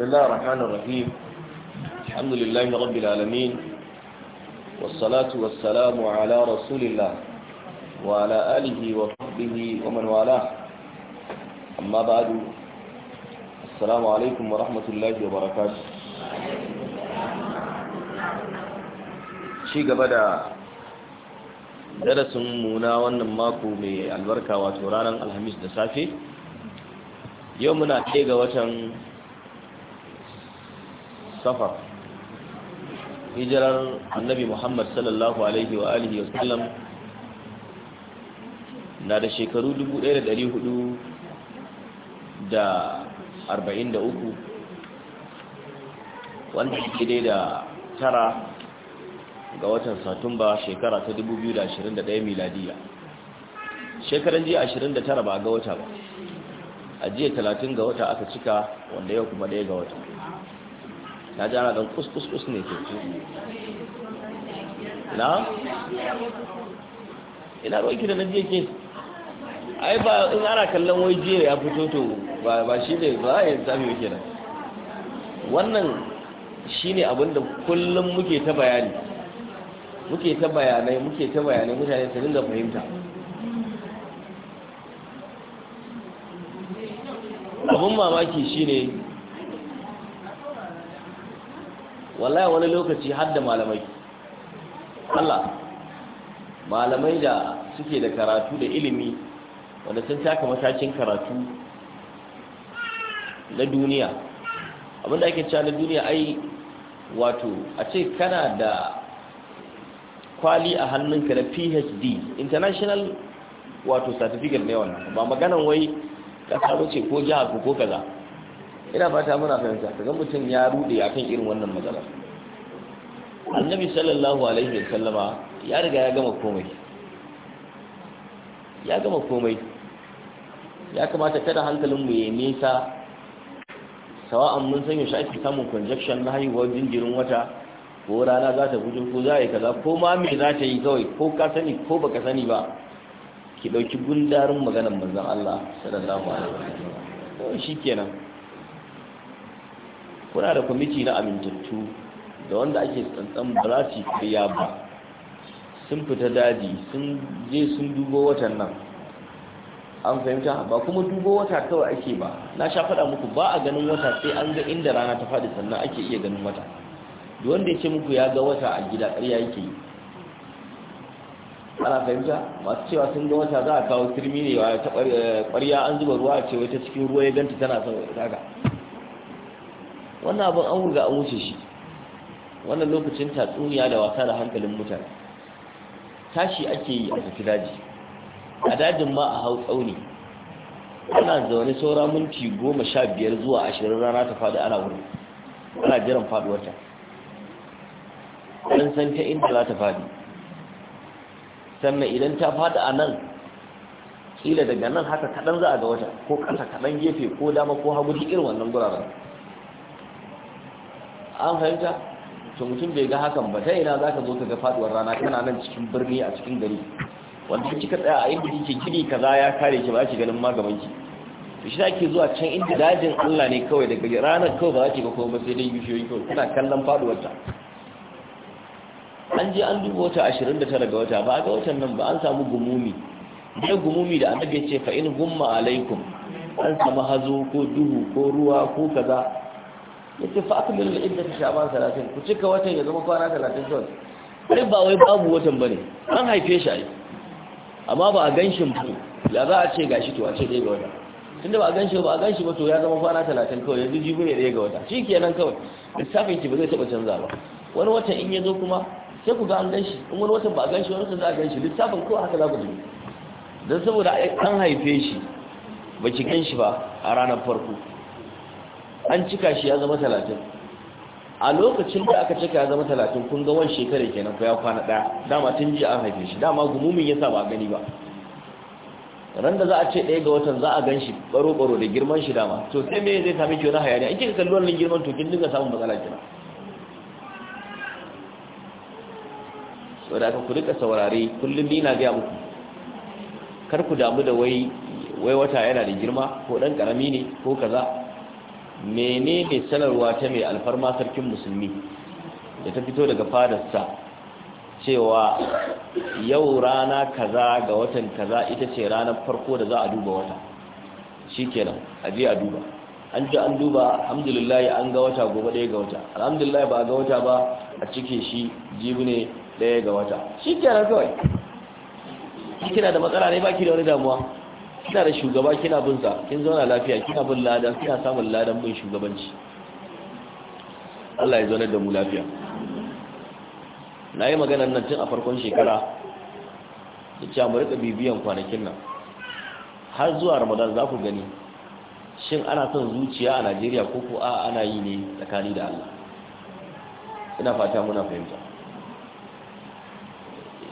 بسم الله الرحمن الرحيم الحمد لله رب العالمين والصلاة والسلام على رسول الله وعلى آله وصحبه ومن والاه أما بعد السلام عليكم ورحمة الله وبركاته شيء قبل darasinmu na wannan mako mai albarka wato ranar alhamis da safe yau muna ɗaya ga watan safar hijirar annabi muhammad sallallahu alaihi wa alihi wa sallam na da shekaru 1443 wanda ke dai da tara ga watan satumba shekara ta 2021 miladiya shekaran ji 29 ba ga wata ba a jiya 30 ga wata aka cika wanda yau kuma daya ga wata na ji ana dan kus ne ke na ina ruwan da na jiya ke ai ba in ana kallon wai jiya ya fito to ba shi ne ba ya sami yake nan wannan shi ne abinda kullum muke ta bayani muke ta bayanai muke ta bayanai mutane ta dinga fahimta abin mamaki shi ne. wallahi wani lokaci har da malamai Allah malamai da suke da karatu da ilimi wanda sun taka matakin karatu na duniya abinda ake cewa na duniya ai wato a ce kana da kwali a hannunka na phd international wato certificate ne wannan ba maganan wai kasa ce ko jihar ko kaza ina fata muna fahimta kaga mutum ya rude akan irin wannan magana. annabi sallallahu alaihi wa sallama ya riga ya gama komai ya gama komai ya kamata kada hankalin mu ya nisa sawa'an mun san yaushe ake samun conjection na haihuwar jinjirin wata ko rana za ta fito ko za a yi kaza ko ma me za ta yi kawai ko ka sani ko baka sani ba ki ɗauki gundarin maganar manzon Allah sallallahu alaihi sallam to shikenan kuna da kwamiti na amintattu da wanda ake tsantsan ba za su kariya ba sun fita daji sun je sun dubo watan nan an fahimta ba kuma dubo wata kawai ake ba na sha faɗa muku ba a ganin wata sai an ga inda rana ta faɗi sannan ake iya ganin wata da wanda ya ce muku ya ga wata a gida ƙarya yake yi ana fahimta masu cewa sun ga wata za a kawo kirmi ne wa ta eh, ƙwarya an zuba ruwa a ce wata cikin ruwa ya ganta tana sau daga wannan abin an wurga an wuce shi wannan lokacin tatsuniya da wasa da hankalin mutane tashi ake yi a tafi daji a dajin ma a hau tsauni ana zaune saura minti goma sha biyar zuwa ashirin rana ta faɗi ana wuri ana jiran faɗuwarta Ɗan san ta inda za ta faɗi sannan idan ta faɗi a nan kila daga nan haka kaɗan za a ga wata ko ƙasa kaɗan gefe ko dama ko hagu duk irin wannan guraren an fahimta to mutum bai ga hakan ba ta ina za ka zo ka ga faduwar rana kana nan cikin birni a cikin gari wanda kika tsaya a inda kike kiri kaza ya kare ki ba ki ganin magaban ki to shi zaki zuwa can inda dajin Allah ne kawai daga ranar kawai ba ki ga komai sai dai bishiyoyi kawai kuna kallon faduwar ta an je an duba wata 29 ga wata ba ga watan nan ba an samu gumumi dai gumumi da annabi ya ce fa in gumma alaikum an samu hazo ko duhu ko ruwa ko kaza yake fa akmilu al-iddat sha'ban 30 ku cika watan ya zama kwana 30 don ai ba wai babu watan bane an haife shi ai amma ba a ganshin ba la za a ce gashi to a ce dai ga wata tunda ba a ganshi ba a ganshi ba to ya zama kwana 30 kawai yanzu jibi ne dai ga wata shikenan kawai lissafin ki ba zai taba canza ba wani watan in ya zo kuma sai ku ga an ganshi in wani watan ba a ganshi wani watan za a ganshi lissafin ko haka za ku ji Dan saboda an haife shi ba ki ganshi ba a ranar farko an cika shi ya zama talatin a lokacin da aka cika ya zama talatin kun ga wani kenan fa ya kwana ɗaya dama tun jiya an haife shi dama gumumin yasa ba gani ba ran da za a ce ɗaya ga watan za a gan shi baro-baro da girman shi dama to sai me zai sami kyau na hayani a kika kalli wannan girman to kin dinga samun matsala kina saboda aka ku rika saurare kullum ni na gaya muku kar ku damu da wai wai wata yana da girma ko dan karami ne ko kaza menene sanarwa ta mai alfarma sarkin musulmi da ta fito daga fadarsa cewa yau rana kaza ga watan kaza ita ce ranar farko da za a duba wata shikenan a ji a duba an ji an duba alhamdulillah an ga wata gobe ɗaya ga wata alhamdulillah ba a ga wata ba a cike shi jibi ne ɗaya ga wata Shi kenan kawai kina da matsala ne baki da wani damuwa kina da shugaba kina bin sa kin zauna lafiya kina bin ladan kina samun ladan bin shugabanci Allah ya zauna da mu lafiya nayi yi nan tun a farkon shekara da cewa mu rika bibiyan kwanakin nan har zuwa ramadan za ku gani shin ana son zuciya a najeriya ko ko a ana yi ne tsakani da allah ina fata muna fahimta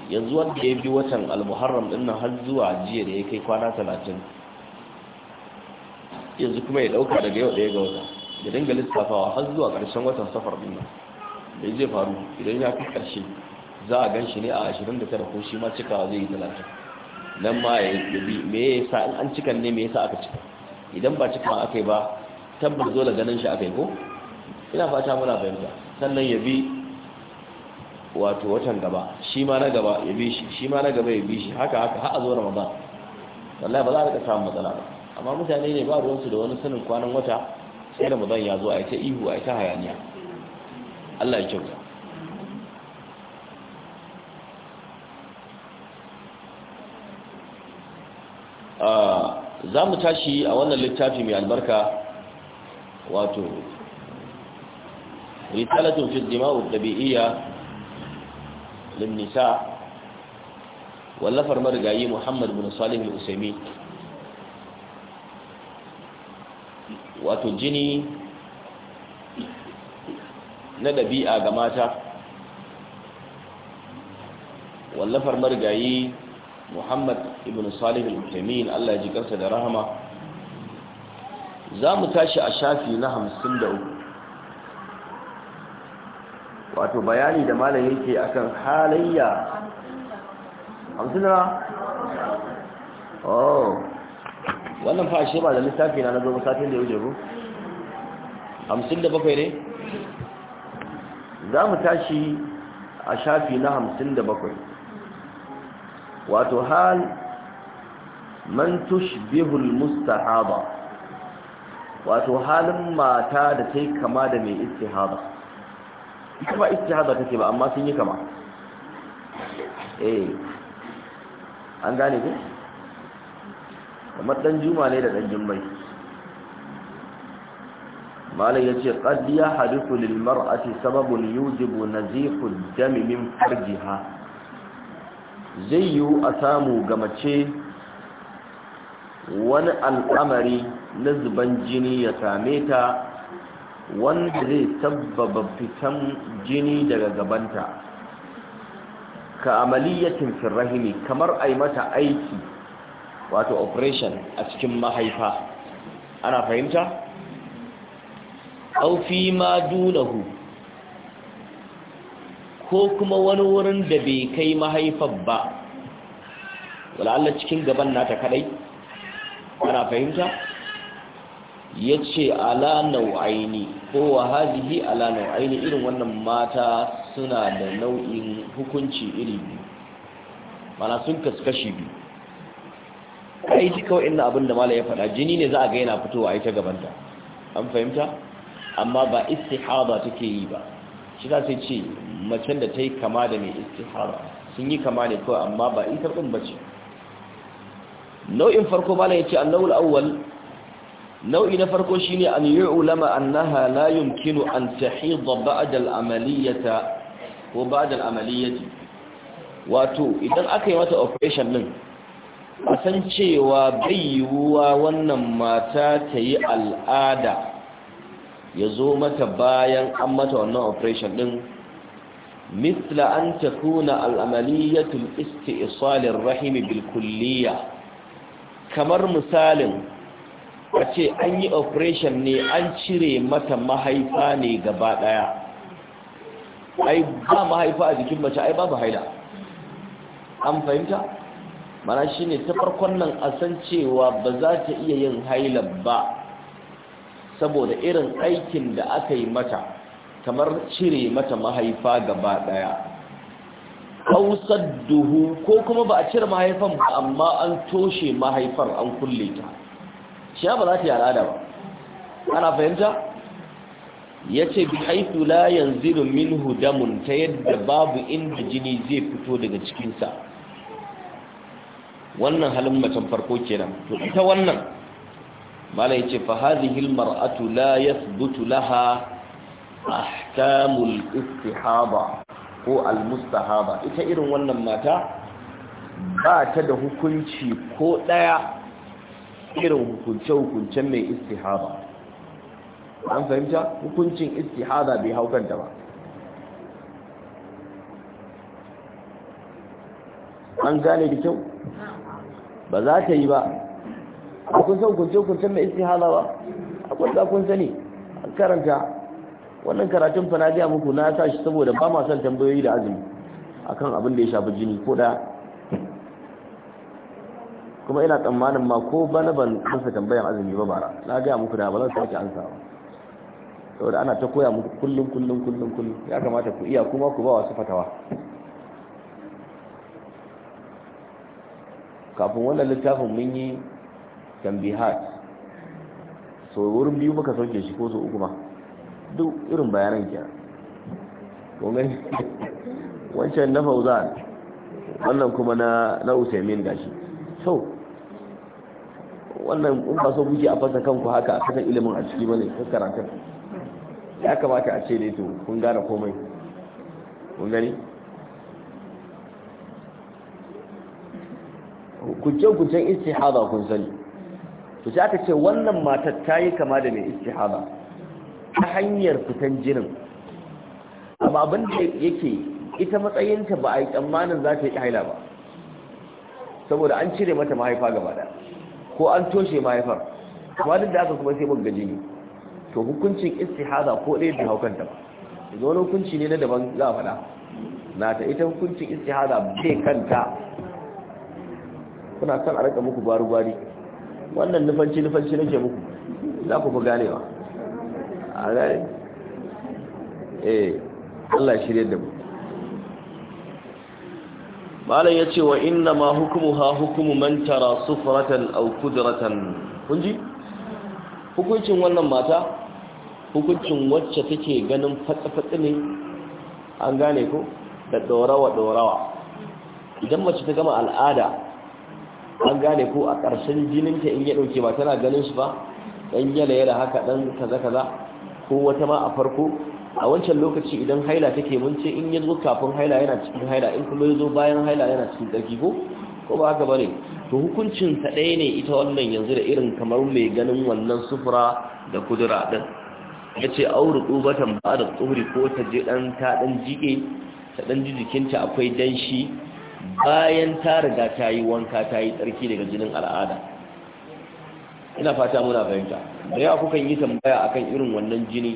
yanzu wanda ya bi watan almuharram din nan har zuwa jiya da ya kai kwana talatin yanzu kuma ya dauka daga yau daya ga wata ya dinga lissafawa har zuwa karshen watan safar din nan da zai faru idan ya fi karshe za a gan shi ne a 29 ko shi ma cikawa zai yi talatin nan ma ya bi me yasa in an cikan ne me yasa aka cika idan ba cika aka yi ba zo dole ganin shi aka yi ko ina fata muna fahimta sannan ya bi wato watan gaba shi ma na gaba ya bi shi shi ma na gaba ya bi shi haka haka har zuwa ramadan wallahi ba za ka samu matsala ba amma mutane ne ba ruwansu da wani sanin kwanan wata sai ramadan ya zo a ta ihu a ta hayaniya Allah ya kyauta za mu tashi a wannan littafi mai albarka wato risalatun fi dima'u dabi'iyya lin-nisa wallafar marigayi Muhammad bin Salih al wato jini na dabi'a ga mata wallafar marigayi Muhammad ibn Salih al Allah ya ji kansa da rahama za mu tashi a shafi na 53 wato bayani da malam yake akan halayya hamsin na oh wannan fa ashe ba da lissafi na nazo satin da yau jaru hamsin da bakwai ne za mu tashi a shafi na hamsin da bakwai wato hal man tushbihul mustahaba wato halin mata da ta kama da mai istihaba ita ba istihaza take ba amma sun yi kama eh an gane ku kamar dan juma ne da dan jummai malai yace qad ya hadithu lil mar'ati sababun yujibu nazihu dami min farjiha zai yiwu a samu ga mace wani al'amari na zuban jini ya same ta wanda zai sabbaba fitan jini daga gabanta ka amaliyatin firrahimi kamar ai mata aiki wato operation a cikin mahaifa ana fahimta au ma dunahu ko kuma wani wurin da bai kai mahaifar ba wala'alla cikin gaban nata kadai ana fahimta ya ce ala nau'aini ko wa hadihi ala nau'aini irin wannan mata suna da nau'in hukunci iri biyu mana sun kaskashi biyu kai ji kawai ina abin da mala ya faɗa jini ne za a ga yana fitowa a ita gabanta an fahimta amma ba ta take yi ba shi za sai ce macen da ta yi kama da mai istihada sun yi kama ne kawai amma ba ita ɗin ba ce nau'in farko mala ya ce annawul awwal nau'i na farko shine an yu'lama annaha la yumkinu an tahidha ba'da ko ba'da al wato idan aka yi mata operation din a san cewa bai yiwuwa wannan mata ta yi al'ada ya zo mata bayan an mata wannan operation din mithla an takuna al'amaliyatul isti'salin rahimi bil kulliya kamar misalin a ce an yi operation ne an cire mata mahaifa ne gaba daya ai ba mahaifa a jikin mace ai babu haila an fahimta mana shine ta farkon nan a san cewa ba za ta iya yin haila ba saboda irin aikin da aka yi mata kamar cire mata mahaifa gaba daya hausar duhu ko kuma ba a cire mahaifan ba amma an toshe mahaifar an kulle ta ya ba za ta yi al'ada ba ana fahimta ya ce bi haifu la yanzu domin damun ta yadda babu inda jini zai fito daga cikinsa wannan halin macen farko kenan to ita wannan mala ya ce fa hilmar Atu la yathbutu laha ahkamul istihaba ko almustahaba ita irin wannan mata ba ta da hukunci ko ɗaya. irin hukunce-hukuncen mai istihada an fahimta hukuncin istihada bai haukanta ba an gane da kyau ba za ta yi ba a kun san hukunce-hukuncen mai istihada ba a za kun sani an karanta wannan karatun fana gaya muku na tashi saboda ba masu son tambayoyi da azumi akan abin da ya shafi jini ko da kuma ina tsammanin ma ko bana ban ansa tambayan azumi ba bara na gaya muku da ba zan sake ansa ba saboda ana ta koya muku kullum kullum kullum kullum ya kamata ku iya kuma ku ba wasu fatawa kafin wannan littafin mun yi tambihat so wurin biyu muka sauke shi ko so uku ma duk irin bayanan ke kuma wancan na fauzan wannan kuma na na usaimin gashi so wannan in ba so kuke a fasa kanku haka a kasan ilimin a ciki bane ta karatun ya kamata a ce ne to kun gane komai kun gani Ku ku ce istihada kun sani to sai aka ce wannan matar ta yi kama da mai istihada ta hanyar fitan jinin amma abin da yake ita matsayinta ba a yi tsammanin za ta yi haila ba saboda an cire mata mahaifa gaba daya ko an toshe mahaifar kuma duk da aka kuma sai mun gaji to hukuncin istihada ko ɗaya da haukan ba zo ne hukunci ne na daban za a faɗa na ta ita hukuncin istihada bai kanta kuna son a rika muku bari bari wannan nufanci nufanci nake muku za ku fi ganewa a gane eh Allah shirye da mu malam ya ce wa inna ma hukumu ha hukumu mantara sufuratan au aw kunji hukuncin wannan mata hukuncin wacce take ganin fatsa-fatsa ne an gane ko da dorawa-dorawa idan mace ta gama al'ada an gane ko a ƙarshen jininta in ya ɗauke ba tana ganin su ba ɗan yanayi da haka ɗan kaza-kaza ko wata ma a farko a wancan lokaci idan haila take mun ce in ya zo kafin haila yana cikin haila in kuma ya zo bayan haila yana cikin tsarki ko ko ba haka bane to hukuncin ta ɗaya ne ita wannan yanzu da irin kamar mai ganin wannan sufura da kudura din yace auru dubatan ba da tsuri ko ta je dan ta dan jike ta dan jikinta akwai danshi bayan ta riga ta yi wanka ta yi tsarki daga jinin al'ada ina fata muna fahimta da yawa kukan yi tambaya akan irin wannan jini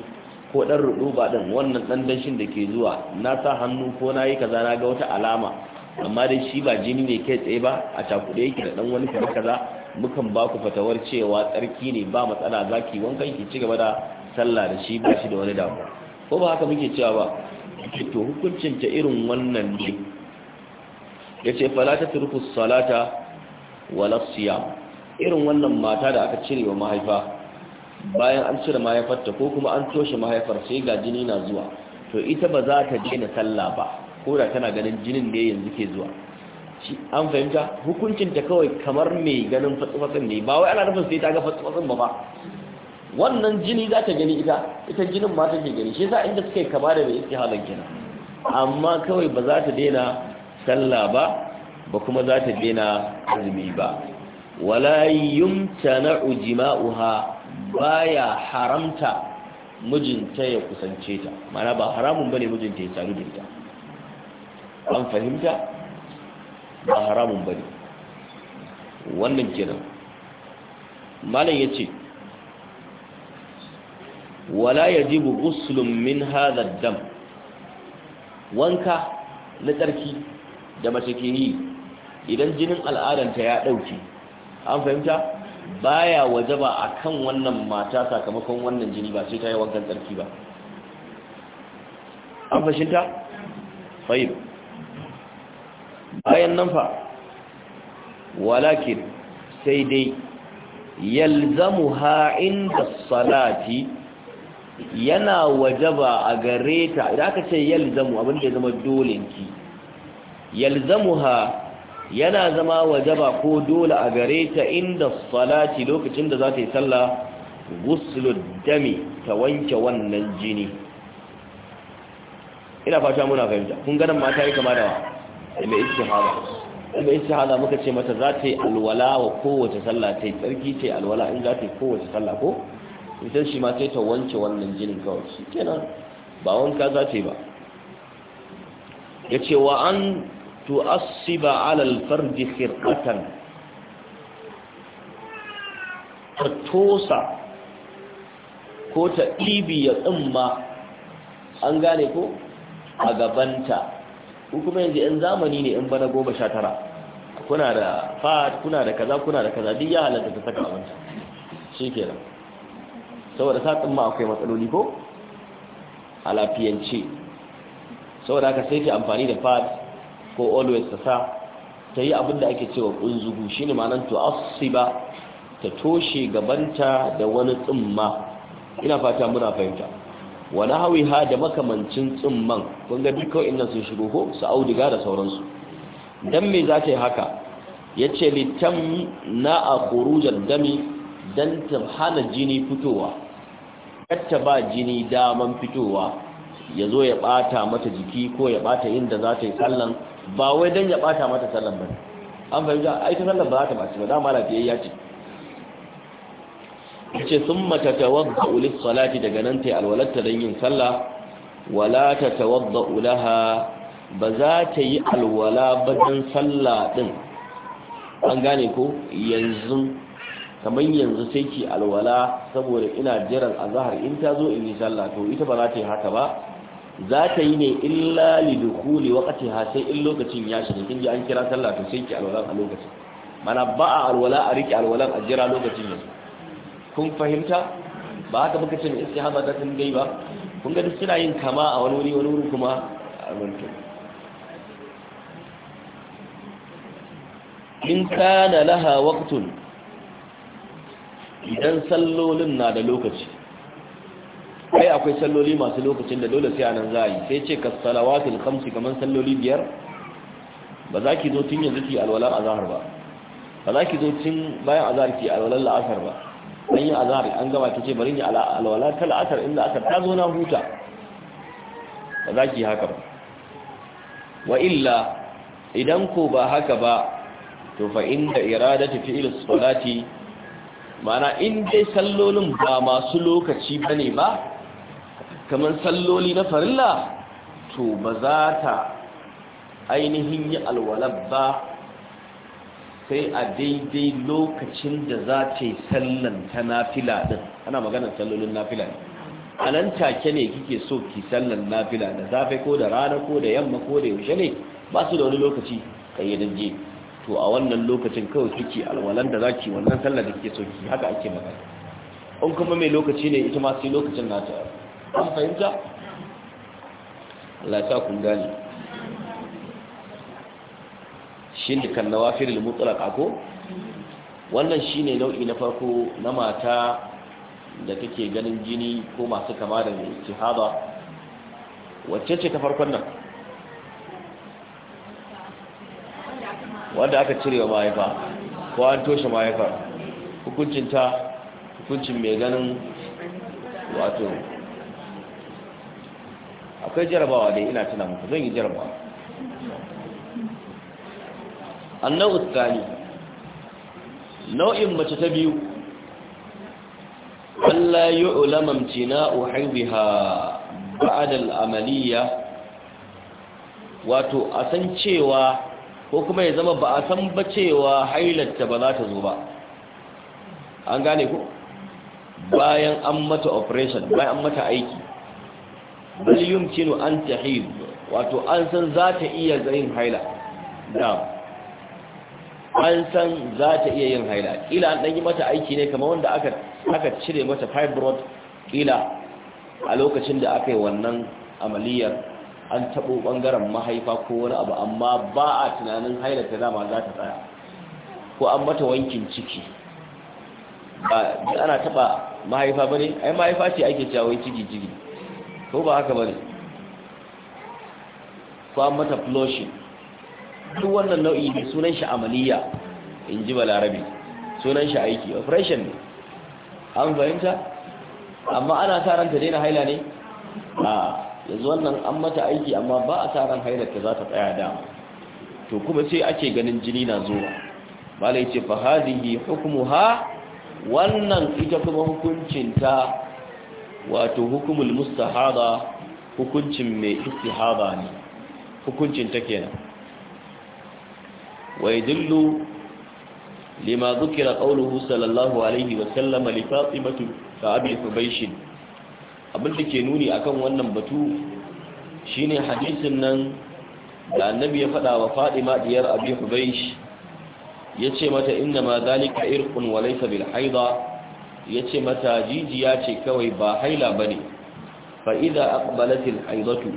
ko dan ba din wannan dan danshin da ke zuwa na sa hannu ko na yi kaza na ga wata alama amma dai shi ba jini ne kai tsaye ba a cakude yake da dan wani kuma kaza mukan ba ku fatawar cewa tsarki ne ba matsala zaki wankan ki ci gaba da sallah da shi ba shi da wani damu ko ba haka muke cewa ba to hukuncin ta irin wannan ne yace fala ta turku salata wala siyam irin wannan mata da aka cire wa mahaifa bayan an cire mahaifarta ko kuma an toshe mahaifar sai ga jini na zuwa to ita ba za ta daina sallah ba ko da tana ganin jinin ne yanzu ke zuwa shi an fahimta hukuncin ta kawai kamar mai ganin fatsufatsun ne ba wai ana nufin sai ta ga fatsufatsun ba ba wannan jini za ta gani ita ita jinin ma take gani shi yasa inda suka yi kama da mai halin kina. amma kawai ba za ta daina sallah ba ba kuma za ta daina azumi ba wala yumtana'u jima'uha baya haramta mijinta ya kusance ta mana ba haramun bane mijinta ya sadu da ita an fahimta ba haramun bane wannan kenan malam yace wala yajibu ghuslun min hadha ad-dam wanka na tsarki da mace ke yi idan jinin al'adanta ya dauke an fahimta baya wajaba kan wannan mata sakamakon wannan jini ba sai ta yi wankan tsarki ba an fashinta? fahim bayan nan fa walakin sai dai yalzamu ha'in da salati yana wajaba a gare ta idan aka ce yalzamu abinda ya zama dolenki yalzamu ha yana zama wajaba ko dole a gare ta inda salati lokacin da za ta yi sallah guslud dami ta wanke wannan jini ina fata muna fahimta kun ganin mata yi kama da mai istihada mai istihada muka ce mata za ta yi alwala wa kowace sallah ta yi tsarki ta yi alwala in za ta yi kowace sallah ko ita shi ma sai ta wanke wannan jinin kawai shi kenan ba wanka za ta yi ba ya ce wa an tu'assiba 'ala al-farj khirqatan ta tosa ko ta ɗibi ya tsumma an gane ko a gabanta ko kuma yanzu yan zamani ne in bana goma sha tara kuna da fat kuna da kaza kuna da kaza duk ya halatta ta saka abinci shi kenan saboda sa tsumma akwai matsaloli ko a lafiyance saboda haka sai ke amfani da fat ko always ta sa ta yi abin da ake cewa ƙunzugu shi ne ma'anar to asiba ta toshe gabanta da wani tsumma ina fata muna fahimta wani hawi ha da makamancin tsumman kun ga duk kawai inda sun shigo ko su auduga da sauransu dan me za ta yi haka ya ce littan na a korujar dami don ta hana jini fitowa ta ba jini daman fitowa ya zo ya ɓata mata jiki ko ya ɓata inda za ta yi sallan ba wai don ya bata mata sallan ba an fahimta a ita sallan ba za ta mace ba dama Ya ce mata summa tatawadda ulis salati daga nan ta yi alwalatta don yin sallah wala tatawadda ulaha ba za ta yi alwala ba don salla din an gane ko yanzu kamar yanzu sai ki alwala saboda ina jiran zahar in ta zo in yi sallah to ita ba za ta yi haka ba za ta yi ne illa li dukuli waqti ha sai in lokacin ya shiga kin ji an kira sallah to sai ki alwalan a lokacin mana ba a alwala a riki alwalan a jira lokacin yanzu kun fahimta ba haka muka ce istihaba da kun gai ba kun ga duk suna yin kama a wani wuri wani wuri kuma a runtu in kana laha waqtun idan sallolin na da lokaci akwai salloli masu lokacin da dole sai anan za yi sai ce ka salawatul khamsi kamar salloli biyar ba za ki zo tun yanzu ki alwala azahar ba ba za ki zo tun bayan azahar ki alwala la'asar ba an yi azahar, an gama ki ce bari ni alwala ta la'asar in la'asar ta zo na huta ba za ki haka ba wa illa idan ko ba haka ba to fa inda iradatu fi'l salati mana in dai sallolin ba masu lokaci bane ba kamar salloli na farilla to ba za ta ainihin yi alwalar ba sai a daidai lokacin da za ta yi sallan ta nafila din ana maganar sallolin nafila ne a nan take ne kike so ki sallan nafila da zafi ko da rana ko da yamma ko da yaushe ne ba su da wani lokaci kayyadajje to a wannan lokacin kawai kike alwalar da ki wannan sallar da kike so ki haka ake magana in kuma mai lokaci ne ita ma sai lokacin na ta. an fahimta Allah ta kun gane shi ne kan nawafiril mutlaq ako wannan shi ne nau'i na farko na mata da take ganin jini ko masu kama da istihaba wacce ce ta farkon nan wanda aka cire wa mahaifa ko an toshe mahaifa hukuncinta hukuncin mai ganin wato akwai jarabawa dai ina tuna muku zan yi jarabawa annabu tsani nau'in mace ta biyu Allah yi ulaman cina uhaibiha ba'adal amaliya wato a san cewa ko kuma ya zama ba a san ba cewa hailarta ba za ta zo ba an gane ku bayan an mata operation bayan an mata aiki bal yumkinu an tahid wato an san za ta iya yin haila da an san za ta iya yin haila Ila an ɗanyi mata aiki ne kamar wanda aka aka cire mata fibroid ƙila a lokacin da aka yi wannan amaliyar an taɓo ɓangaren mahaifa ko wani abu amma ba a tunanin haila ta dama za ta tsaya ko an mata wankin ciki ba ana taɓa mahaifa ba ne ai mahaifa ce ake cewa ciki ciki ko ba haka bane ko an mata flushing duk wannan nau'i ne sunan shi amaliya in ji balarabi sunan shi aiki operation ne an fahimta amma ana sa ranta daina haila ne a yanzu wannan an mata aiki amma ba a sa ran hailar ta za ta tsaya dama to kuma sai ake ganin jini na zuwa ba yace fahadihi hukumu ha wannan ita kuma hukuncinta wato hukumul mustahada hukuncin mai istihada ne hukuncin ta kenan Wai yadullu lima dhukira qawluhu sallallahu alaihi wa sallam, li fatimatu fa abi abin da ke nuni akan wannan batu shine hadisin nan da annabi ya faɗa wa fatima diyar abi hubaysh yace mata inna ma zalika irqun wa laysa bil haida ya ce mata jijiya ce kawai ba haila ba ne fa'iza akbalatin haizatu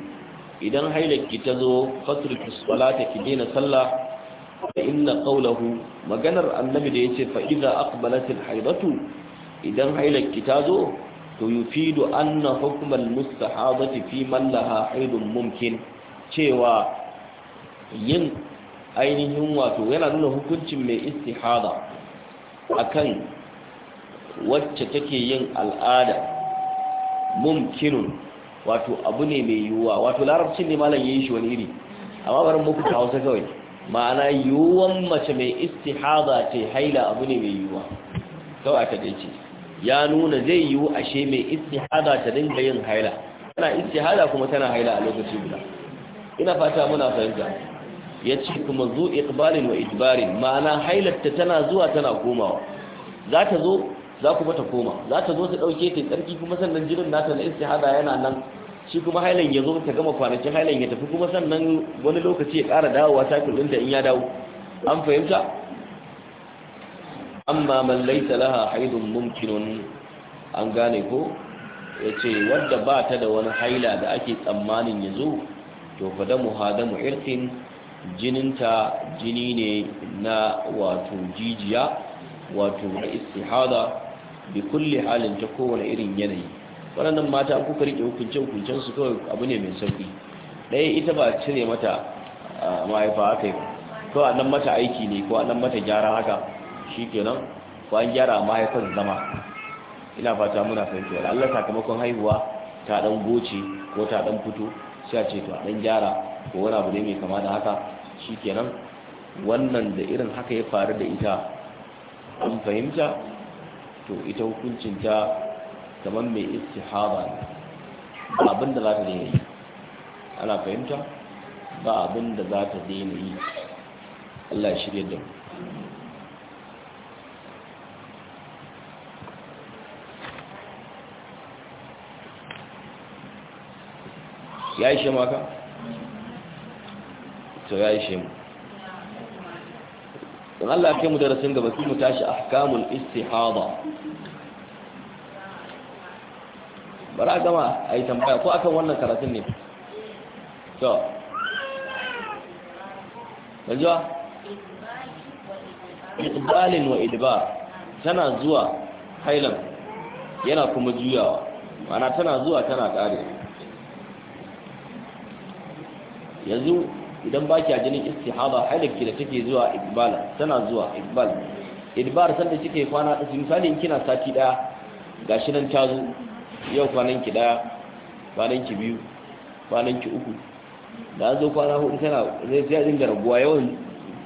idan hailarki ta zo fasulki salata ki daina sallah da inna ƙaunahu maganar annabi da ya ce fa'iza akbalatin haizatu idan hailarki ta zo to yi fi da an na hukumar mustahabati fi mallaha haidun mumkin cewa yin ainihin wato yana nuna hukuncin mai istihada akan wacce take yin al'ada mumkinun wato abu ne mai yiwuwa wato larabcin ne malam yayin shi wani iri amma bari muku ta Hausa kawai ma'ana yiwuwan mace mai istihada ce haila abu ne mai yiwuwa kawai aka dace ya nuna zai yiwu ashe mai istihada ta dinga yin haila tana istihada kuma tana haila a lokaci guda ina fata muna fahimta ya ce kuma zo iqbalin wa idbarin ma'ana hailar ta tana zuwa tana komawa za ta zo za ku mata koma za ta zo ta ɗauke ta tsarki kuma sannan jinin nata na istihada yana nan shi kuma hailan ya zo ta gama kwanakin hailan ya tafi kuma sannan wani lokaci ya ƙara dawowa ɗin ɗinta in ya dawo an fahimta amma mallai laisa laha haidun mumkinun an gane ko yace wadda ba ta da wani haila da ake tsammanin ya zo to fa damu irtin jininta jini ne na wato jijiya wato istihada bi kulli halin ta kowane irin yanayi waɗannan mata an kuka rike hukunce hukuncen su kawai abu ne mai sauki ɗaya ita ba cire mata mahaifa haka ba ko a nan mata aiki ne ko a nan mata gyara haka shikenan ko an gyara mahaifar zama ina fata muna fahimta wala Allah sakamakon haihuwa ta dan goce ko ta dan fito sai a ce to a dan gyara ko wani abu ne mai kama da haka shikenan wannan da irin haka ya faru da ita an fahimta to ita hukuncinta kamar mai istihaba ne ba abin da za ta daina yi ana fahimta ba abin da za ta daina yi Allah ya shirya da mu ya ishe maka? to ya ishe mu in Allah ya kai mu darasin gaba su mu tashi ahkamul istihada bara gama ai tambaya ko akan wannan karatun ne to yanzu iqbalin wa idbar tana zuwa hailan yana kuma juyawa mana tana zuwa tana kare yanzu idan ba kya jinin istihada ki da take zuwa idbala tana zuwa idbal idbar san da kike kwana da misali in kina sati daya gashi nan ta zo yau kwanan ki daya kwanan ki biyu kwanan ki uku da zo kwana hudu tana zai sai dinga raguwa yawan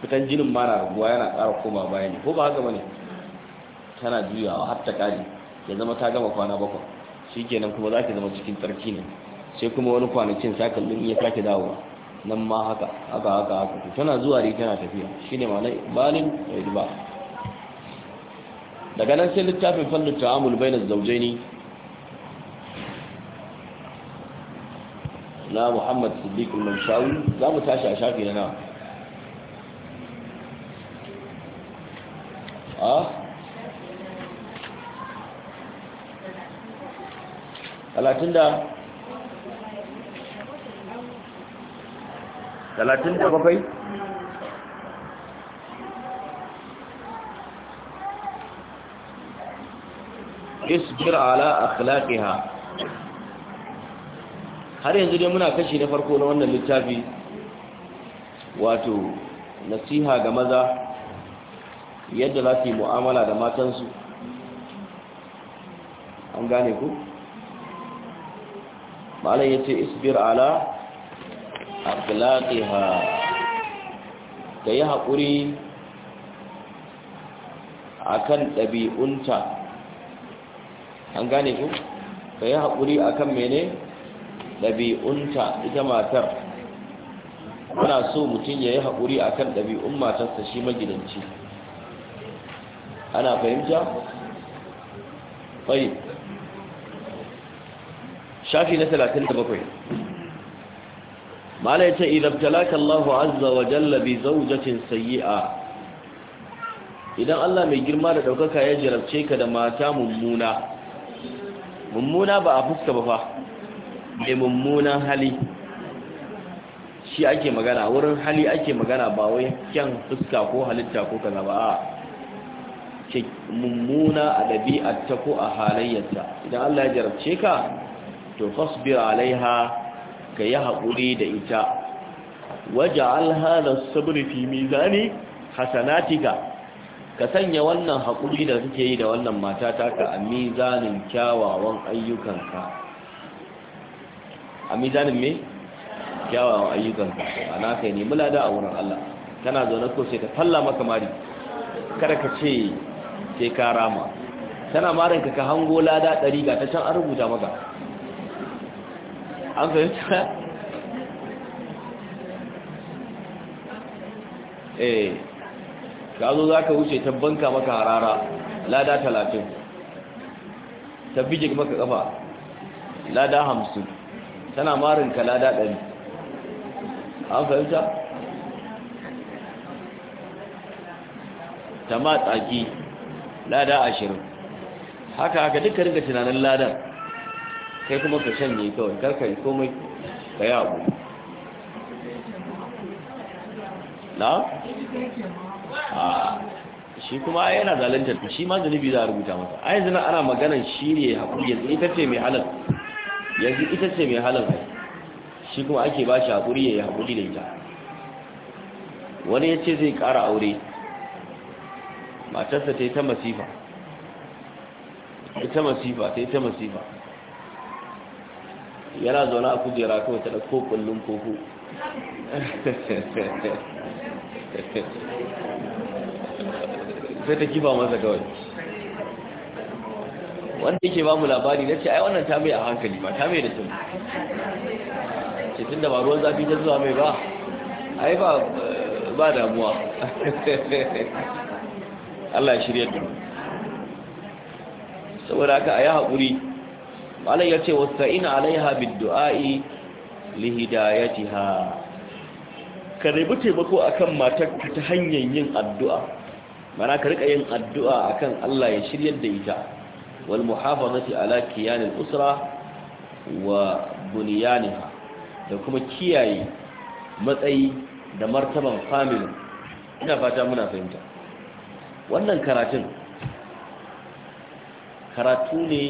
fitan jinin ma na raguwa yana ƙara koma baya ne ko ba haka bane tana juyawa har ta kare ya zama ta gama kwana bakwai shikenan kuma zaki zama cikin tsarki ne sai kuma wani kwanakin sakallin ya sake dawowa nan ma haka haka haka haka to tana zuwa ri tana tafiya shine ma'anar balin ba daga nan sai littafin fannin ta'amul bainaz zawjaini na Muhammad Siddiq al mansawi za mu tashi a shafi na nawa a talatin da talatin da bakwai isbir ala akhlaqiha har yanzu dai muna kashi na farko na wannan littafi wato nasiha ga maza yadda za su yi mu'amala da matansu an gane ku malam ya ce isbir ala akhlaqiha ka yi haƙuri a kan ɗabi'unta an gane ku ka yi haƙuri a kan mene ɗabi'unta ita matar ana so mutum ya yi haƙuri a kan ɗabi'un matarsa shi magidanci ana fahimta? ƙwai shafi na 37 mala yace idan talaka Allah azza wa jalla bi zawjatin sayyi'a idan Allah mai girma da daukaka ya jarabce ka da mata mummuna mummuna ba a fuska ba fa mai mummunan hali shi ake magana wurin hali ake magana ba wai kyan fuska ko halitta ko kaza ba Ke mummuna a ta ko a halayyarta idan Allah ya jarabce ka to fasbir alaiha ka yi haƙuri da ita waje alhalar sabri mizani hasanatika ka sanya wannan haƙuri da suke yi da wannan mata taka a mizanin kyawawan ayyukanka a mizanin me kyawawan ayyukanka ana yi ne a wurin Allah Tana zaune ko sai ta falla maka mari kada ka ce sai ka rama tana marinka ka hango lada ɗari ga ta can an rubuta maka an fahimta eh ka zo za ka wuce ta banka maka harara lada talatin ta bijik maka kafa lada hamsin tana marinka lada ɗari an fahimta ta matsaki lada ashirin haka haka duka rinka tunanin ladar kai kuma ka shanye kawai karka yi komai ka yi abu na? a shi kuma yana zalantar ta shi ma zunubi za a rubuta masa a yanzu na ana maganan shi ne haƙuri yanzu ita ce mai halar yanzu ita ce mai halar shi kuma ake ba shi haƙuri ya yi haƙuri da ita wani ya ce zai ƙara aure matarsa ta yi ta masifa ta masifa ta yi ta masifa yana zaune a kujera kawai ta ɗauko ƙullun koko sai ta kifa masa kawai wanda yake ba mu labari na ce ai wannan ta mai a hankali ba ta mai da tun ce tun da ba ruwan zafi ta zuwa mai ba ai ba ba damuwa Allah shirya da saboda haka a yi haƙuri malam ya ce wasta'ina alaiha biddu'a'i lihidayatiha ka nemi taimako akan matarka ta hanyar yin addu'a mana ka rika yin addu'a akan Allah ya shirya da ita wal muhafazati ala kiyanil usra wa bunyaniha da kuma kiyaye matsayi da martaban family ina fata muna fahimta wannan karatun karatu ne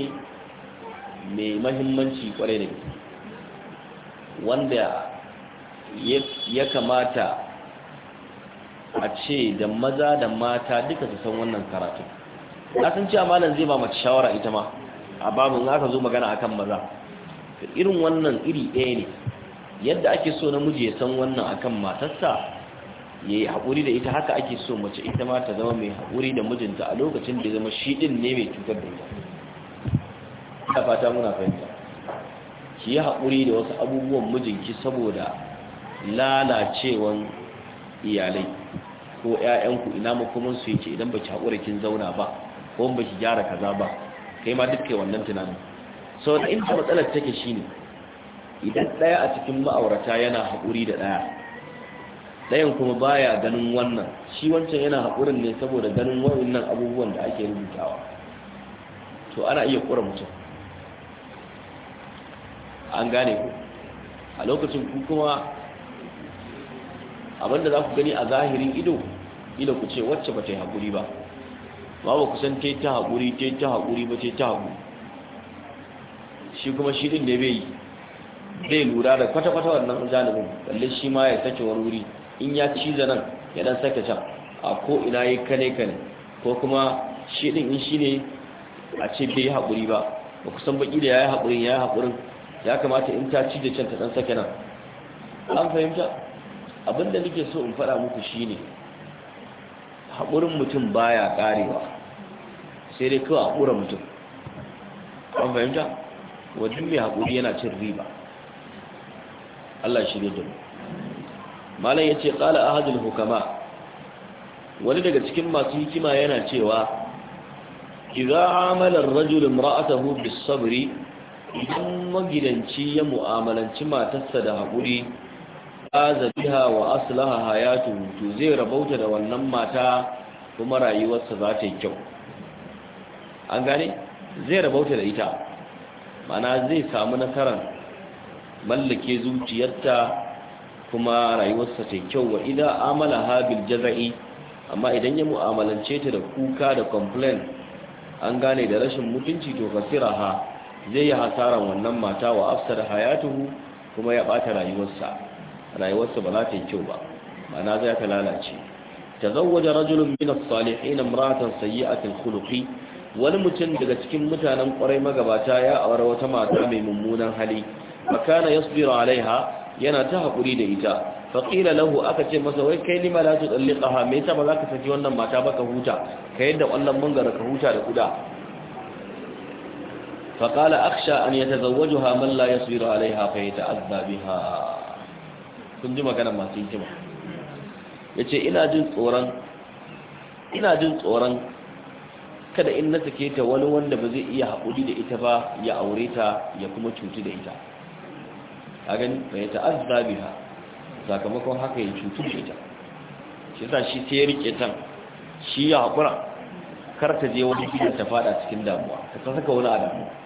mai mahimmanci kwarai da gaske wanda ya kamata a ce da maza da mata duka su san wannan karatu na san cewa malam zai ba mace shawara ita ma a babin ka zo magana akan maza irin wannan iri ɗaya ne yadda ake so namiji ya san wannan akan matarsa ya yi haƙuri da ita haka ake so mace ita ma ta zama mai haƙuri da mijinta a lokacin da zama shi ɗin ne mai cutar da ita ina fata muna fahimta ki yi haƙuri da wasu abubuwan mijinki saboda lalacewan iyalai ko 'ya'yanku, ina makoman su yake idan baki haƙura kin zauna ba ko ba ki gyara kaza ba kai ma duk kai wannan tunanin sau da in matsalar take ne, idan ɗaya a cikin ma'aurata yana haƙuri da ɗaya ɗayan kuma baya ganin wannan shi wancan yana haƙurin ne saboda ganin nan abubuwan da ake rubutawa to ana iya ƙura mutum an gane ku a lokacin ku kuma abinda za ku gani a zahirin ido ila ku ce wacce ba ta yi haƙuri ba ba ba kusan ta yi ta haƙuri ta yi ta haƙuri ba ta yi ta haƙuri shi kuma shi ɗin da bai yi bai lura da kwata-kwata wannan zalibin balle shi ma ya sake wani wuri in ya ciza nan ya dan sake can a ko ina yi kane-kane ko kuma shi ɗin in shi ne a ce bai yi haƙuri ba ba kusan baƙi da ya yi haƙurin ya yi haƙurin ya kamata in ta ci da can ta dan sake nan an fahimta abinda nake so in faɗa muku shine haƙurin mutum baya ƙarewa sai dai kawai haƙura mutum an fahimta wajen mai haƙuri yana cin riba Allah shi ne mu malam ya ce ƙala ahadul hukama wani daga cikin masu hikima yana cewa idza amala ar-rajulu imra'atahu bis-sabri idan magidanci ya mu'amalanci matarsa da haƙuri aza wa asalaha hayatu to zai rabauta da wannan mata kuma rayuwarsa za ta yi kyau an gane zai rabauta da ita mana zai samu nasarar mallake zuciyarta kuma rayuwarsa ta yi kyau wa idan amala habil jaza'i amma idan ya mu'amalance ta da kuka da complain an gane da rashin mutunci to fasira ha. zai yi hasaran wannan mata wa afsar hayatuhu kuma ya bata rayuwarsa rayuwarsa ba za ta yi kyau ba ma'ana zai ta lalace tazawwaja rajulun min as-salihin imra'atan sayyi'atil khuluqi wani mutum daga cikin mutanen kwarai magabata ya aure wata mata mai mummunan hali makana yasbiru alaiha yana ta hakuri da ita faqila lahu aka ce masa wai kai lima la tudalliqaha me yasa ba za ka saki wannan mata ba ka huta ka yadda wannan bangare ka huta da kuda فقال أخشى أن يتزوجها من لا يصبر عليها فيتعذى بها kun ji magana masu hikima ya ce ina jin tsoron kada in na sake ta wani wanda ba zai iya haƙuri da ita ba ya aure ta ya kuma cutu da ita a gani mai ta'azza biha sakamakon haka ya cutu da ita shi sa shi ta ya rike tan shi ya haƙura kar ta je wani gidan ta fada cikin damuwa ta saka wani a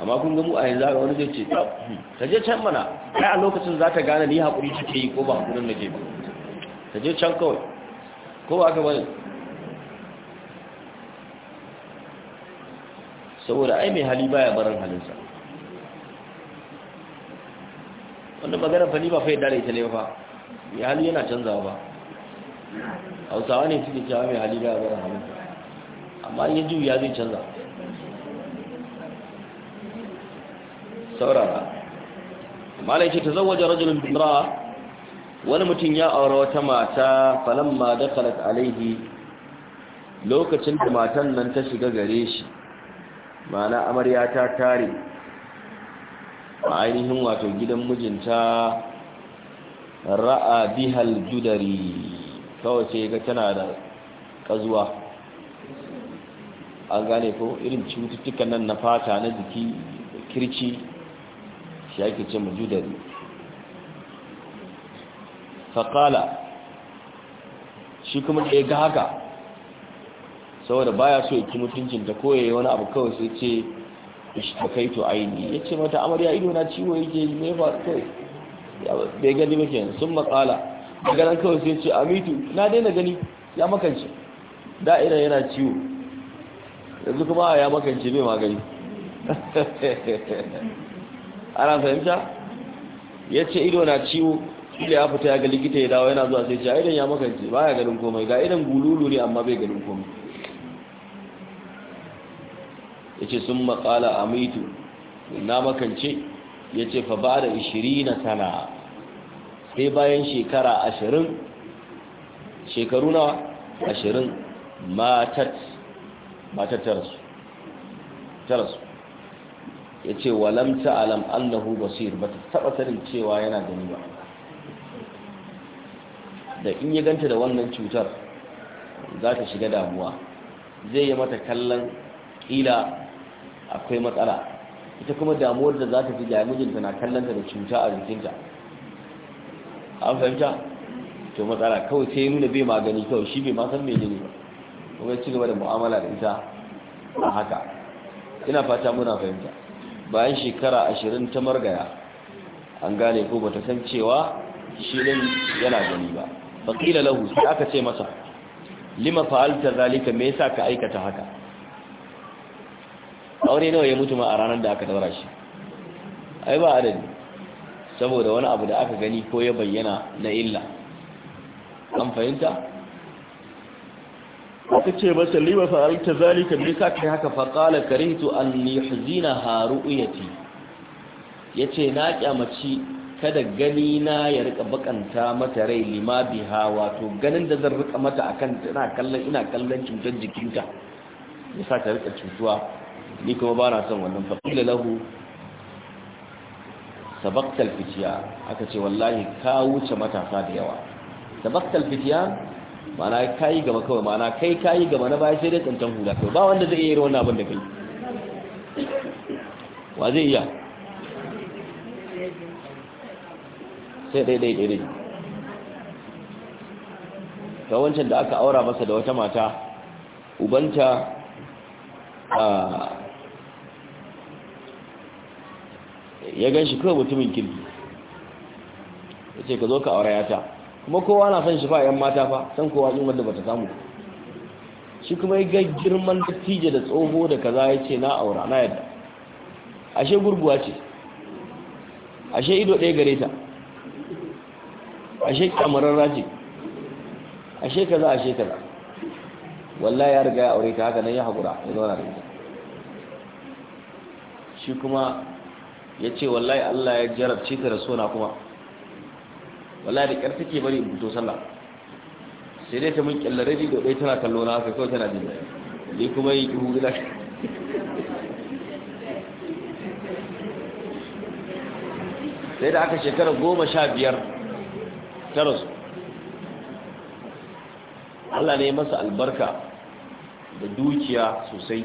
amma kun ga mu a yanzu ga wani zai ce ta hmm, je can mana kai a lokacin za ta gane ni haƙuri take yi ko ba haƙurin nake ba ta je can kawai ko ba ka bane saboda ai mai hali baya barin halinsa wanda magana fa ni ba fa dare da ita ne ba mai hali yana canzawa ba hausawa ne suke cewa mai hali baya barin halinsa amma yin ya juya zai canza saurara amma yake tazawwaja rajulun bimra wani mutum ya aure wata mata falamma kalat alaihi lokacin da matan nan ta shiga gare shi mana amarya ta tare a ainihin wato gidan mijinta ra'a bihal judari kawai ce ga tana da kazuwa an gane ko irin cututtukan nan na fata na jiki kirci shi ake ce mu judari faƙala shi kuma ɗaya ga haka saboda baya so ya ki mutuncin ta koya yi wani abu kawai sai ce ta kai to aini ya ce mata amarya ido na ciwo yake yi ba faru kawai bai gani ba kenan sun maƙala A ganin kawai sai ce amitu na daina gani ya makance da'ira yana ciwo yanzu kuma ya makance bai magani ana fahimta ya ce ido na ciwo ile ya fita ya ga likita ya dawo yana zuwa sai ce idan ya makance ba ya ganin komai ga idan gululu ne amma bai ganin komai ya ce sun makala a mitu na makance ya ce fa ba da 20 na sana sai bayan shekara ashirin shekaru na ashirin matat matat tarasu ya ce walam alam allahu basir ba ta taba sanin cewa yana gani ba da in ya ganta da wannan cutar za ta shiga damuwa zai yi mata kallon ƙila akwai matsala ita kuma damuwar da za ta fi mijinta na kallonta da cuta a jikinta an fahimta to matsala kawai sai nuna bai magani kawai shi bai masan mai jini ba kuma ci gaba da mu'amala da ita a haka ina fata muna fahimta bayan shekara ashirin ta margaya an gane ko bata san cewa shirin yana gani ba Fakila lahu sai aka ce masa lima fa'alta zalika me yasa ka aikata haka aure nawa ya mutu ma a ranar da aka daura shi ai ba adadi saboda wani abu da aka gani ko ya bayyana na illa an fahimta aka ce masa lima fa'alta zalika me ka kai haka fa qala karihtu an yahzinaha ru'yati yace na kyamaci kada gani na ya rika bakanta mata rai lima biha wato ganin da zan rika mata akan tana kallon ina kallon cutar jikinta ya sa ta rika cutuwa ni kuma ba na son wannan faƙila lahu sabaktal fitiya aka ce wallahi ka wuce matasa da yawa sabaktal fitiya ma'ana kayi gaba kawai ma'ana kai kai gaba na baya sai dai tantan hula kai ba wanda zai iya irin wannan abin da kai wa zai iya sai dai dai dai ga wancan da aka aura masa da wata mata ubanta a ya gan shi kawai mutumin kirki ya ce ka zo ka aura yata kuma kowa na son shi fa yan mata fa san kowa in wanda bata samu shi kuma ya ga girman dattijo da tsoho da kaza ya ce na aura na yadda ashe gurguwa ce ashe ido ɗaya gare ta ashe kamarar raji ashe kaza ashe kaza wallahi ya riga ya aure ta haka nan ya haƙura ya zauna da ita shi kuma ya ce wallahi Allah ya jarabce ta da suna kuma wallahi da ƙyar take bari in sallah sai dai ta mun kyalla ni da tana kallo na haka kawai tana jin ni kuma yi ihu gida sai da aka shekara goma sha biyar ta rasu Allah ne masa albarka da dukiya sosai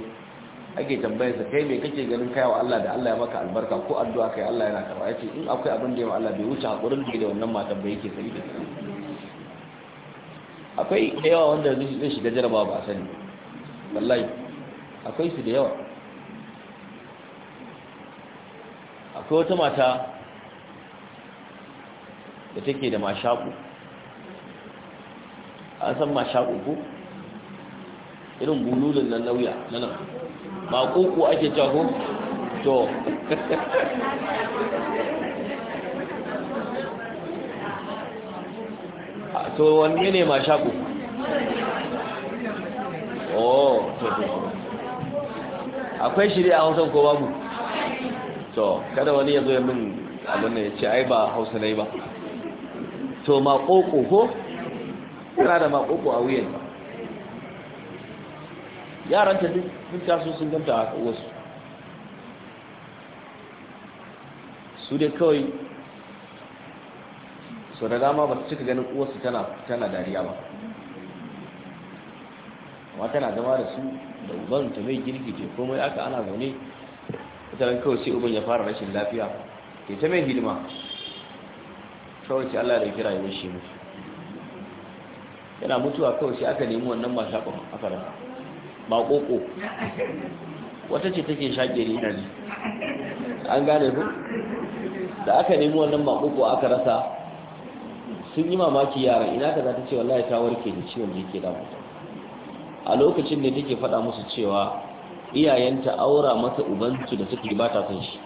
ake tambayarsa kai mai kake ganin kai wa Allah da Allah ya maka albarka ko addu'a kai Allah yana karɓa yace in akwai abin da ya Allah bai wuce hakurin da da wannan matan bai yake sani da akwai da yawa wanda zai shiga jarabawa ba sani wallahi akwai su da yawa akwai wata mata da take da mashaƙu an san mashaƙu ko irin bululin nan nauya na nan ba koko ake jago to to wanne ne ma shaku oh to to akwai a hausa ko babu to kada wani ya zo ya min abin da ya ce ai ba hausa na yi ba to ma koko ko yana da ma koko a wuyan ba yaranta duk sun taso sun ganta a wasu su dai kawai sau da dama ba su cika ganin uwarsu tana dariya ba amma tana zama da su da uban ta mai girki komai aka ana zaune mutanen kawai sai uban ya fara rashin lafiya ke ta mai hidima kawai Allah da kira ya wushe mutu yana mutuwa kawai sai aka nemi wannan masu haɓar aka rasa ba koko wata ce take shaƙe ni nan an gane ku da aka nemi wannan koko aka rasa sun yi mamaki yaran ina ka za ta ce wallahi ta warke da ciwon da yake damu a lokacin ne take faɗa musu cewa iyayenta aura mata ubantu da suke ba ta son shi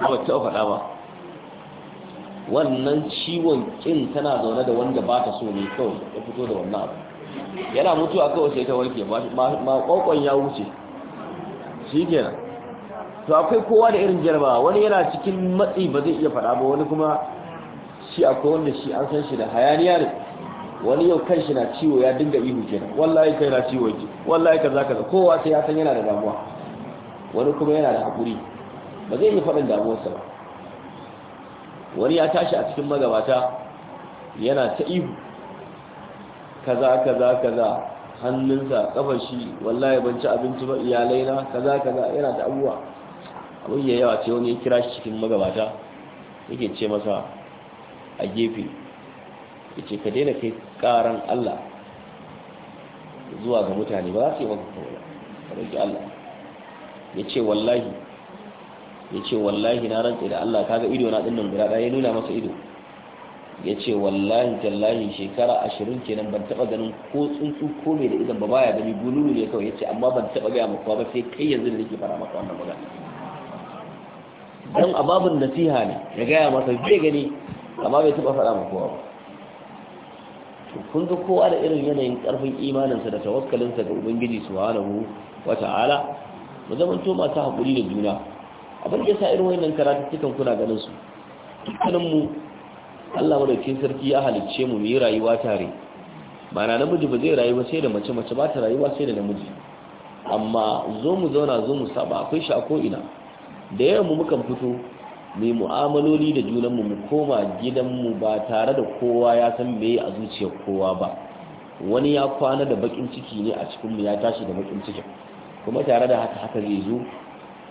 ba ta faɗa ba wannan ciwon kin tana zaune da wanda ba ta so ne kawai ya fito da wannan abu yana mutuwa kawai sai ta warke ma kwakwan ya wuce shi kenan to akwai kowa da irin jarba wani yana cikin matsi ba zai iya faɗa ba wani kuma shi akwai wanda shi an san shi da hayaniya ne wani yau kan shi na ciwo ya dinga ihu kenan wallahi kai na ciwo yake wallahi kaza kaza kowa sai ya san yana da damuwa wani kuma yana da hakuri ba zai iya faɗin damuwarsa ba wani ya tashi a cikin magabata yana ta ihu kaza kaza kaza hannunsa kafar shi wallahi ban ci abinci ba iyalai na kaza kaza yana da abuwa abin ya yawa ce wani ya kira shi cikin magabata yake ce masa a gefe ya ce ka daina kai karan Allah zuwa ga mutane ba za su yi maka kawai ka roƙi Allah ya ce wallahi ya ce wallahi na rantse da Allah kaga ido na dinnan guda ɗaya ya nuna masa ido ya ce wallahi tallahi shekara ashirin kenan ban taba ganin ko tsuntsu ko mai da idan ba baya gani bululu ne kawai ya ce amma ban taba gaya maka ba sai kai yanzu da nake fara maka wannan magana don ababun nasiha ne ya gaya masa zai gani amma bai taba fara maka ba to kun ga kowa da irin yanayin karfin imaninsa da tawakkalinsa ga ubangiji subhanahu wata'ala mu to masu haƙuri da juna abin da yasa irin wayannan karatuttukan kuna ganin su mu. Allah madaukin sarki ya halicce mu mu rayuwa tare ba namiji ba zai rayu ba sai da mace mace ba ta rayuwa sai da namiji amma zo mu zauna zo mu saba akwai shi a ko'ina da yawan mu mukan fito mai mu'amaloli da junan mu koma gidanmu ba tare da kowa ya san me a zuciyar kowa ba wani ya kwana da bakin ciki ne a cikin mu ya tashi da bakin ciki kuma tare da haka haka zai zo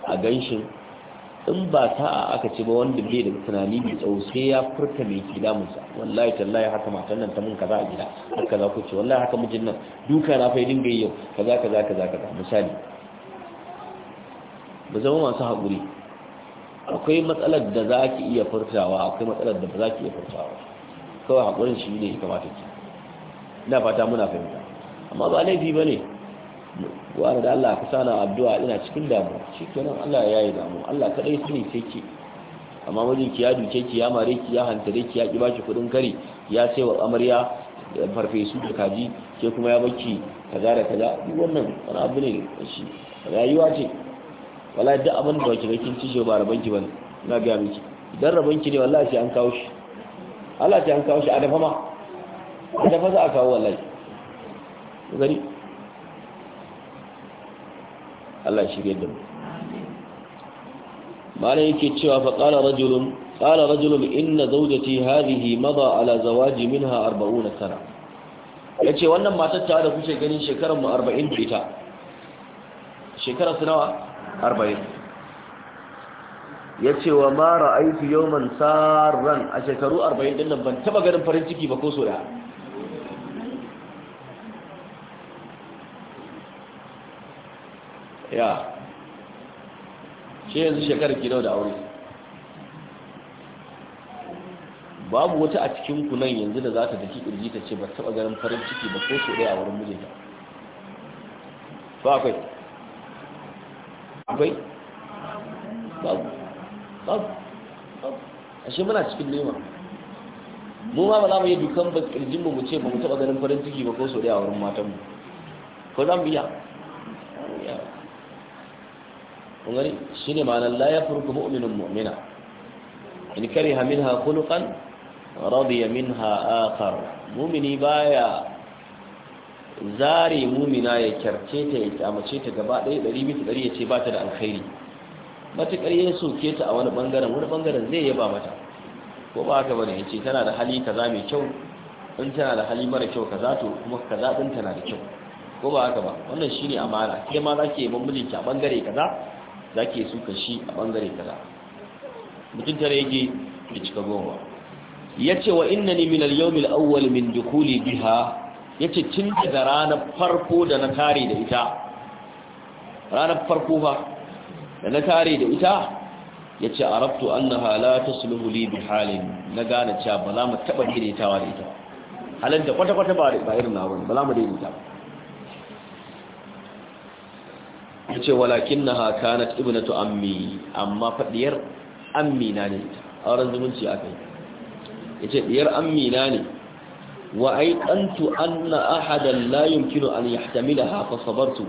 a ganshin in ba ta aka ce ba wanda bai da tunani mai tsawo sai ya furta mai ke musa wallahi tallahi haka matan nan ta mun kaza a gida haka za ku ce wallahi haka mijin nan duka na fa dinga yau kaza kaza kaza kaza misali ba zama masu haƙuri akwai matsalar da za ki iya furtawa akwai matsalar da ba za ki iya furtawa kawai haƙurin shi ne ya kamata ki ina fata muna fahimta amma ba laifi ba ne wani da Allah ka sana addu'a ina cikin damu shi kenan Allah ya yi damu Allah kaɗai su ne sai ke amma ki ya duke ki ya mare ki ya hantare ki ya ki baki kuɗin kari ya sai wa amarya farfesu da kaji ke kuma ya baki kaza da kaza duk wannan wani abu ne shi rayuwa ce wala duk abin da baki bakin ci shi ba ba ne. na ga miki idan ki ne wallahi sai an kawo shi Allah sai an kawo shi a dafa ma a dafa za a kawo wallahi Allah shirye da mu malai yake cewa fa qala rajulun qala rajulun inna zawjati hadhihi mada ala zawaji minha 40 sana yace wannan matar ta da kuke ganin shekarar mu 40 da ita shekarar su nawa 40 yace wa ma ra'aytu yawman sarran a shekaru 40 din nan ban taba ganin farin ciki ba ko so da ya ce yanzu shekarar ki da aure babu wata a cikin kunan nan yanzu da za ta daki kirji ta ce ba taba ganin farin ciki ba ko so ɗaya a wurin mijinta ba akwai akwai babu babu babu ashe muna cikin nema mu ma ba za mu yi dukan ba kirjin mu mu ce ba mu taba ganin farin ciki ba ko so ɗaya a wurin matanmu ko za mu iya kun shi ne ma'anar la yafruqu mu'minun mu'mina in kariha minha khuluqan radiya ha akar mu'mini baya zare mumina ya kyarce ta ya kyamace ta gaba ɗaya ɗari bisa ɗari ya ce ba ta da alkhairi matuƙar ya soke ta a wani ɓangaren wani ɓangaren zai yaba mata ko ba haka bane ya ce tana da hali kaza mai kyau in tana da hali mara kyau kaza to kuma kaza ɗin tana da kyau ko ba haka ba wannan ne amana kai ma za ki yi mamijinki a ɓangare kaza za ke suka shi a ɓangare kaza mutum tare yake da cika goma ya ce wa inna ni minal yawmil awwal min dukuli biha ya ce tun daga ranar farko da na tare da ita ranar farko fa da na tare da ita ya ce a arabtu annaha la tasluhu li bi halin na gane cewa ba za mu taɓa daidaitawa da ita halin da kwata-kwata ba irin na wurin ba za mu daidaita ba ya ce walakin na haka na ibnatu ammi amma faɗiyar ammi na ne a wurin zumunci aka yi ya ce ɗiyar ammi na ne wa aikantu an na ahadan layin kino an ya tamila haka sabartu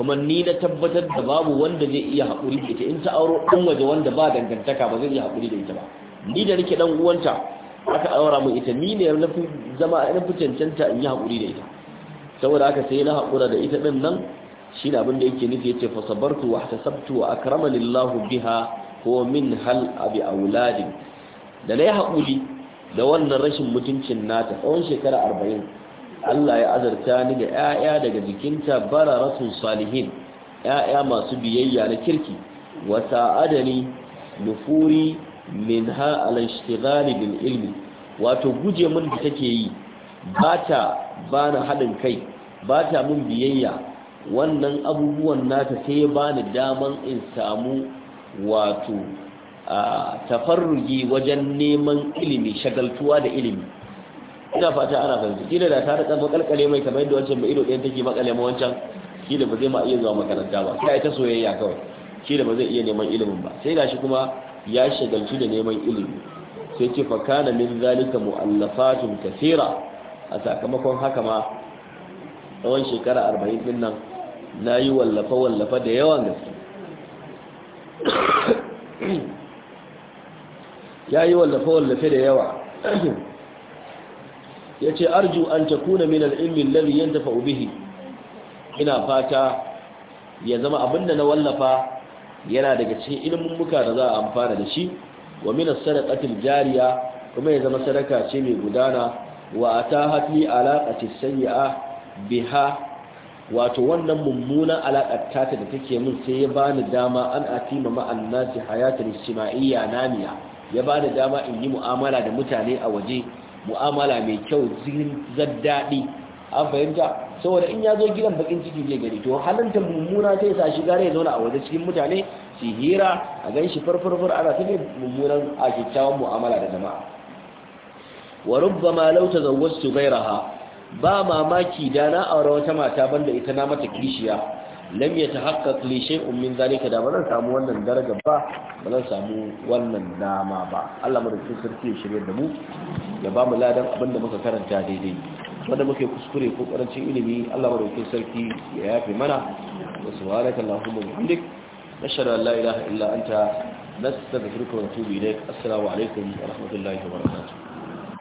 kuma ni na tabbatar da babu wanda zai iya haƙuri da ita in ta auro ɗan waje wanda ba dangantaka ba zai iya haƙuri da ita ba ni da nake ɗan uwanta aka aura mu ita ni ne na fi zama a na fi cancanta in yi haƙuri da ita saboda aka sai na haƙura da ita ɗin nan shi abin da yake nufi yace fa sabartu wa ihtasabtu wa akramani Allah biha ko min hal abi auladi da nayi hakuri da wannan rashin mutuncin nata tsawon shekara 40 Allah ya azarta ni da 'ya'ya daga jikinta bararasun salihin 'ya'ya masu biyayya na kirki wa sa'adani nufuri minha ala ishtighali bil ilmi wato guje mun da take yi bata bana hadin kai bata mun biyayya wannan abubuwan nata sai ya bani daman in samu wato a tafarrugi wajen neman ilimi shagaltuwa da ilimi ina fata ana fahimta kila da ta da kan makalkale mai kamar yadda wancan mai ido ɗayan take makale ma wancan da ba zai ma iya zuwa makaranta ba sai ta soyayya kawai da ba zai iya neman ilimin ba sai gashi kuma ya shagaltu da neman ilimi sai ce fa kana min zalika mu'allafatun kaseera a sakamakon haka ma tsawon shekara 40 din nan na yi wallafa-wallafa da yawan gaske ya yi wallafa-wallafe da yawa ya ce arju an ta kuna min al'ilmin lalli yan tafa ubihi ina fata ya zama abinda na wallafa yana daga cikin ilimin muka da za a amfana da shi wa minar sadaqatil jariya kuma ya zama sadaka ce mai gudana wa ta hatli ce sanya biha wato wannan mummunan alaƙar tata da take min sai ya bani dama an atima ma'an nasi hayatul ijtima'iyya namiya ya bani dama in yi mu'amala da mutane a waje mu'amala mai kyau zirin zaddaɗi an fahimta saboda in ya zo gidan bakin ciki zai gari. to halanta mummuna sai sa shiga, ne ya zauna a waje cikin mutane su hira a gan shi farfarfar ana ta ne mummunan a kyakkyawan mu'amala da jama'a wa rubbama law tazawwajtu ghayraha ba mamaki da na aure wata mata banda ita na mata kishiya lam ya tahaqqaq li ummin min zalika da bazan samu wannan daraja ba bazan samu wannan dama ba Allah madaukakin sarki ya shirye da mu ya ba mu ladan abin da muka karanta daidai wanda muke kuskure ko karancin ilimi Allah madaukakin sarki ya yafe mana wa subhanaka allahumma bihamdik nashhadu an la ilaha illa anta nastaghfiruka wa natubu ilayk assalamu alaikum wa rahmatullahi wa barakatuh